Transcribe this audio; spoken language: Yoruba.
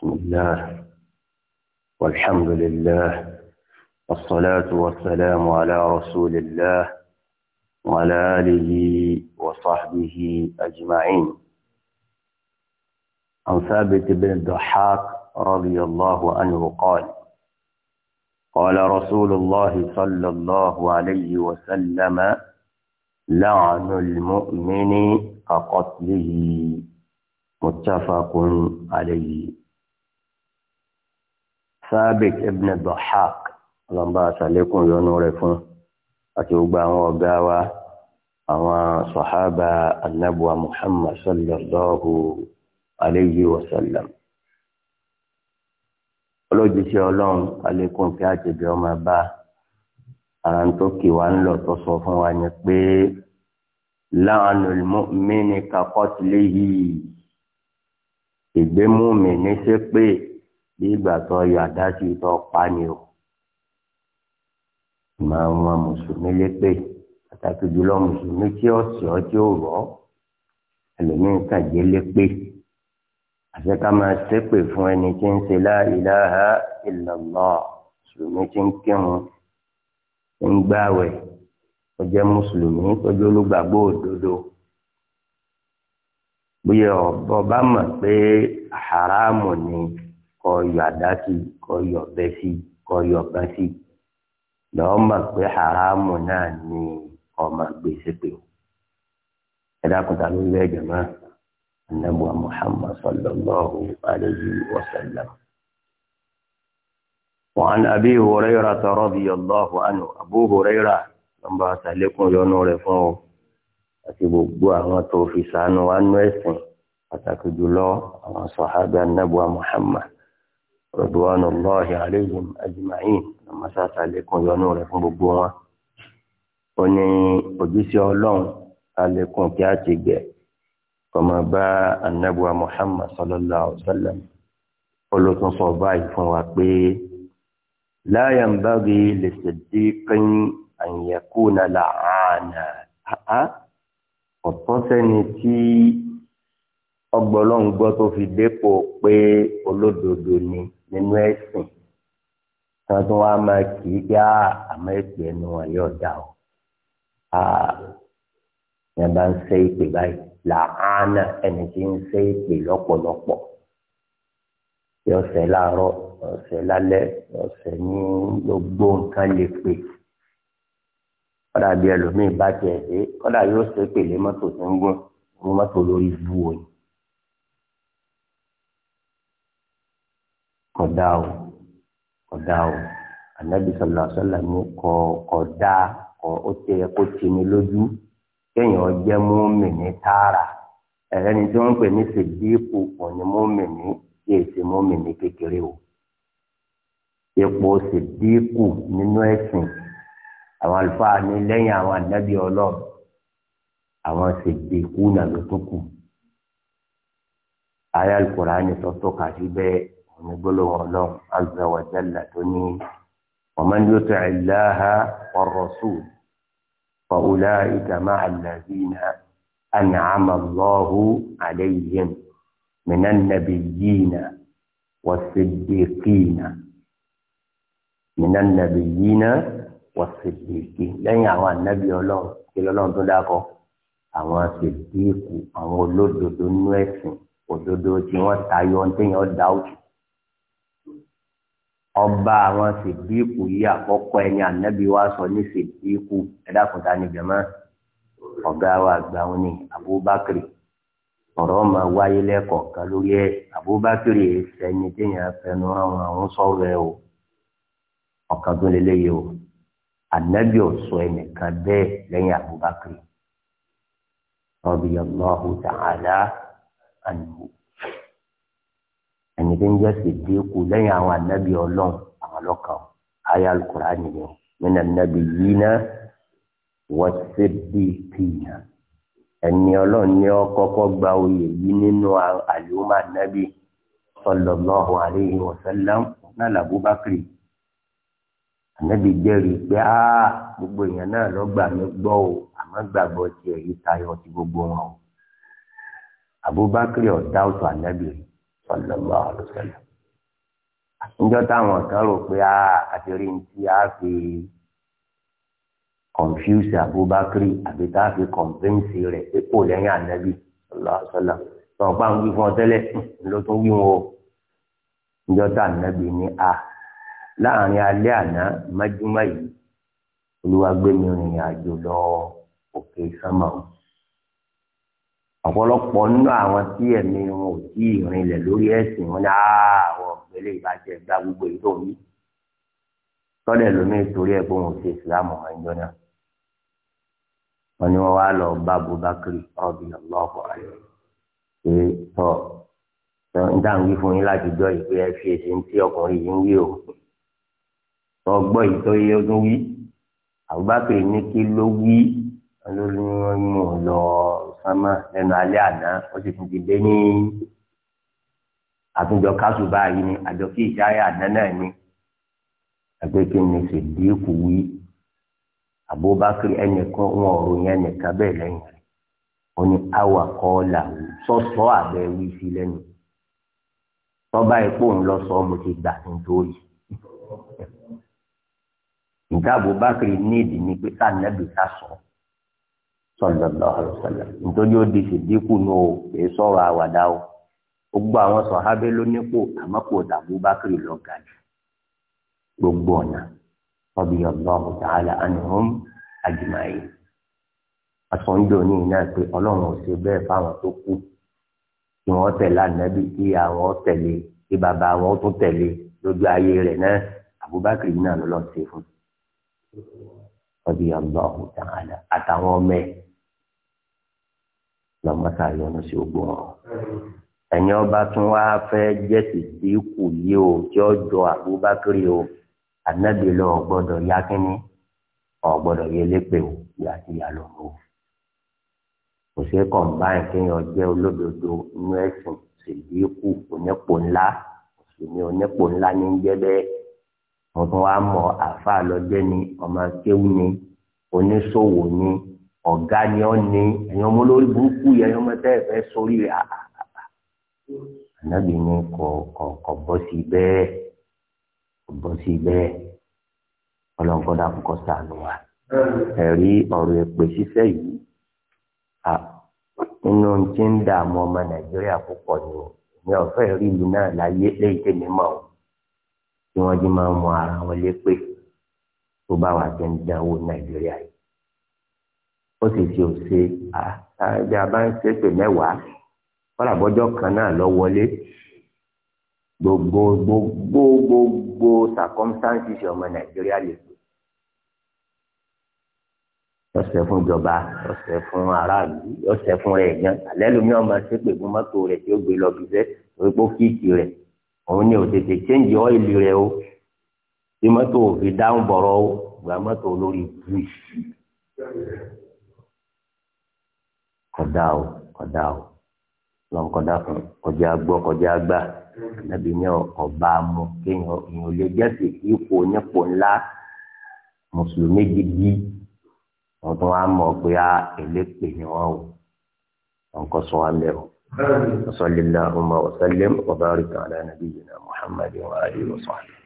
بسم الله والحمد لله والصلاة والسلام على رسول الله وعلى آله وصحبه أجمعين عن ثابت بن الضحاك رضي الله عنه قال قال رسول الله صلى الله عليه وسلم لعن المؤمن كقتله متفق عليه Sabit ibn Dhahhak ọlọ́mbà àṣàlékún yọnu rẹ̀ fún àti gbogbo àwọn ọ̀gá wa àwọn sọ̀hábà anábùwà Muhammad sallallahu alayhi wa sallam. olójúṣe ọlọ́run àlékún kí á ti bí ọmọ bá ara tó kì wá ń lọ tó sọ fún wa ni pé la'anul mu'mini ka qatlihi ìgbémú mi ní ṣépè bí ìgbà tó yọ àdásí tó pa ni o máa ń wọn mùsùlùmí lépè pàtàkì jùlọ mùsùlùmí tí ó sì ọ tí ó rọ ẹlòmíín kàjé lépè àti ká máa ṣépè fún ẹni tí ń ṣe la ilaha illallah mùsùlùmí tí ń kírun ń gbààwẹ̀ ó jẹ́ mùsùlùmí tọ́jú olùgbàgbọ́ òdodo bóyá ọba mọ̀ pé haramu ni kọ yọ àdá sí kọ yọ ọ̀bẹ sí kọ yọ ọ̀bẹ sí lọ́ọ́ mọ̀ pé haramu náà ni ọmọ gbèsè pé ẹ dákúta lórí ẹ̀jẹ̀ máa anabuwa muhammad sallallahu alayhi wa sallam. وعن أبي هريرة رضي الله عنه أبو هريرة nọ́mbà àtàlékún yọnu rẹ̀ fún ọ àti gbogbo àwọn tó fi ṣàánú wa nú ẹ̀sìn Radwanullahi alayhim ajma'in lọ́mọ sáàsà lẹ́kùn yọnú rẹ̀ fún gbogbo wọn. ó ní ojúṣe ọlọ́run alẹ́kùn kí á ti gbẹ̀ kọ́mọ bá anabuwa Muhammad sallallahu alayhi wa sallam olótún sọ báyìí fún wa pé la yanbaghi li siddiqin an yakuna la'ana ọ̀tọ́ sẹ́ni tí ọgbọ́lọ́ngbọ́ tó fi dépò pé olódodo ni nínú ẹ̀sìn tí wọ́n tún wá máa kì í pé ah, àmọ́ ẹ̀sìn ẹnu wọn yóò dá o yẹn ah, bá ń ṣe ìpè báyìí làánà ẹni tí ń ṣe ìpè lọ́pọ̀lọpọ̀ yọ ọ̀sẹ̀ láàárọ̀ ọ̀sẹ̀ lálẹ́ ọ̀sẹ̀ ní gbogbo nǹkan lè pè kọ́dà bí ẹlòmíì bá tiẹ̀ dé kọ́dà yóò ṣe pèlè mọ́tò tó ń gùn ní mọ́tò lórí ibú òyìn. kọ̀dá o kọ̀dá o anabi sọlá sọlá ní kọ kọ̀dá kọ ó tẹ ẹ kó tì mí lójú kéèyàn jẹ́ mọ́mìnì tààrà ẹ̀rẹ́ni tí wọ́n ń pè ní sèdíìpù òní mọ́mìnì kí èsì mọ́mìnì kékeré o ipò sèdíìpù nínú ẹ̀sìn àwọn àlùfáà ní lẹ́yìn àwọn anabi ọlọ́run àwọn sèdíìpù náà ló tó kù ayé alukóra ni sọ́tọ́ kàdí bẹ́ẹ̀ onígbólóhùn ọlọ́run azza wa jalla tó ní wa man yuti' Allaha war rasul fa ulaika ma'a allazina an'ama Allahu alayhim minan nabiyyina was-siddiqina minan nabiyyina was-siddiqi lẹ́yìn àwọn ànábì ọlọ́run kí lọ́lọ́run tó dákọ̀ àwọn sèdíìkù àwọn olódodo nú ẹ̀sìn òdodo tí wọ́n tayọ téèyàn dá ọba àwọn sìdíkù yìí àkọ́kọ́ ẹni ànábì wa sọ ní sìdíkù ẹ̀dá kùtà jẹ̀mọ́ ọ̀gá wa àgbà wọn ni Abubakar ọ̀rọ̀ máa wáyé lẹ́kọ̀ọ̀kan lórí ẹ̀ Abubakar ẹni téèyàn fẹnu àwọn àwọn sọ̀rọ̀ ẹ̀ o ọ̀kan tó lé léyìí o ànábì ọ̀sọ̀ ẹnìkan bẹ́ẹ̀ lẹ́yìn Abubakar radiyallahu ta'ala anhu ẹni tí ń jẹ́ sèdè kù lẹ́yìn àwọn ànábì ọlọ́run àwọn ọlọ́kàn ayé alukura nìyẹn nínú ànábì yìí náà wọ́n ṣe bí pìyà ẹni ọlọ́run ní ọ kọ́kọ́ gba oyè yìí nínú àlùmọ́ ànábì sallallahu alayhi wa sallam náà làbúbákìrì ànábì jẹ́rìí pé á gbogbo èèyàn náà lọ́gbà mi gbọ́ o àmọ́ gbàgbọ́ tiẹ̀ yìí tayọ ti gbogbo wọn o àbúbákìrì ọ̀dáwùtò ànábì rẹ̀ sallallahu alaihi wasallam. níjọ́ táwọn kan rò pé àtẹ̀rí ti á fi confuse Abubakar àbí tá a fi convince rẹ̀ pé kò lẹ́yìn ànábì sallallahu alaihi wasallam. sọ̀rọ̀ pa ń wí fún ọ tẹ́lẹ̀ hmm, ló tún wí wọn o. níjọ́ tá ànábì ní a láàrin alẹ́ àná májúmọ́ olúwa gbé rìnrìn àjò lọ òkè sánmà ọ̀pọ̀lọpọ̀ nínú àwọn tí ẹ̀mí wọn ò tí ì rinlẹ̀ lórí ẹ̀sìn wọn ní àwọn ọ̀gbẹ́lẹ̀ ìbàjẹ́ gba gbogbo èyí tó ń yí tọ́lẹ̀ lómi torí ẹ̀ pé wọn ò ṣe ìsìlámù wọn jọ náà wọn ni wọn wá lọ bá Abubakari ọbì ọlọ́ọ̀kọ̀ ayọ̀ pé tọ́ ń dáhùn wí fún yín láti jọ ìpè ẹ fi èsì tí ọkùnrin yìí ń wí o tọ́ gbọ́ ìtọ́yẹ ọdún wí Abubakari ní kí ló wí lórí wọn mú un lọ́ọ́ Sama lẹ́nu alẹ́ àná ó sì tún ti dé ní àtúnjọ káṣù báyìí ni àjọ kí ìṣáyà àná náà ni ẹgbẹ́ kí ni sèdíkù wí Abubakar ẹnìkan wọn ò ròyìn ẹnìkan bẹ́ẹ̀ lẹ́yìn rẹ̀ ó ní àwà kọ́ làwù sọ́sọ́ àbẹ̀ wí sí lẹ́nu tọ́ba epo ń lọ sọ mo ti gbà nítorí nǹkan Abubakar nídìí ni pé ká nàbì ká sọ ọ́ sallallahu alaihi wasallam nítorí ó di ṣèdínkù nù o kì í sọ̀rọ̀ àwàdà o gbogbo àwọn sọ̀hábẹ́ ló nípò àmọ́ kò dàbú bákìrì lọ ga jù gbogbo ọ̀nà radiyallahu ta'ala anhum ajma'in àtúndò ní iná pé ọlọ́run ò ṣe bẹ́ẹ̀ fáwọn tó kù kí wọ́n tẹ̀lé ànábì kí àwọn tẹ̀lé kí bàbá wọn tún tẹ̀lé lójú ayé rẹ̀ náà àbúbákìrì náà ló lọ́ọ́ ṣe fún radiyallahu ta'ala àtàwọn ọmọ ẹ̀ lọ́mọ́sá yọnu sí ogbó wọn. ẹ̀yin ọba tún wá fẹ́ jẹ́sì sí kù yìí o tí ó jọ àbúbákiri o ànábì lọ gbọ́dọ̀ yá kínní ọ̀gbọ́dọ̀ yẹ lépè o bí àti ìyá lọ o. kò sí kọ̀ǹbáìn kéèyàn jẹ́ olódodo inú ẹ̀sìn ṣèlú kù onípò ńlá òṣèlú onípò ńlá ní ń jẹ́ bẹ́ẹ̀ mo tún wá mọ àáfàá lọ́jẹ́ ni ọmọ kéwú ni oníṣòwò ni ọ̀gá ni ọ́ ní ẹ̀yin ọmọ olórí burúkú yẹn ẹ̀yin ọmọ tẹ́ ẹ fẹ́ sórí rẹ̀ ànábì ni kò kò kò bọ́ sí bẹ́ẹ̀ kò bọ́ sí bẹ́ẹ̀ ọlọ́nkọ́dá kò sànù wa ẹ̀rí ọ̀rọ̀ èpè ṣíṣẹ́ yìí nínú tí ń dààmú ọmọ nàìjíríà púpọ̀ ni o ní ọ̀fẹ́ rí mi náà láyé lẹ́yìn tèmi mọ̀ o tí wọ́n jí máa ń mọ ara wọn lépè tó bá wà jẹ́ dánwò nàìjíríà yìí ó sì ṣe òṣè àbí a bá ń ṣépè mẹ́wàá kọ́lá bọ́jọ́ kan náà lọ wọlé gbogbo gbogbo gbogbo circumstances ọmọ nàìjíríà lè pè yọ̀sẹ̀ fún ìjọba yọ̀sẹ̀ fún aráàlú yọ̀sẹ̀ fún rẹ̀ gan alẹ́ lómi ọmọ ṣépè fún mọ́tò rẹ̀ tí ó gbé lọ bí fẹ́ orí pé ó kíkì rẹ̀ òun ni ò tètè change ọ́ìlì rẹ̀ o tí mọ́tò òfin dáhùn bọ̀rọ̀ o gba mọ́tò olórí bùs kọ̀dá o kọ̀dá o lọ́n kọ̀dá fún kọjá gbọ́ kọjá gbà nàbí ní ọba mu kéèyàn èèyàn lè jẹ́sì ipò nípò ńlá mùsùlùmí gidi wọ́n tún wá mọ̀ pé a ah, èlépè ni wọ́n o wọ́n kọ́ sọ wá mẹ́rọ. وصل اللهم وسلم وبارك على نبينا محمد وآله وصحبه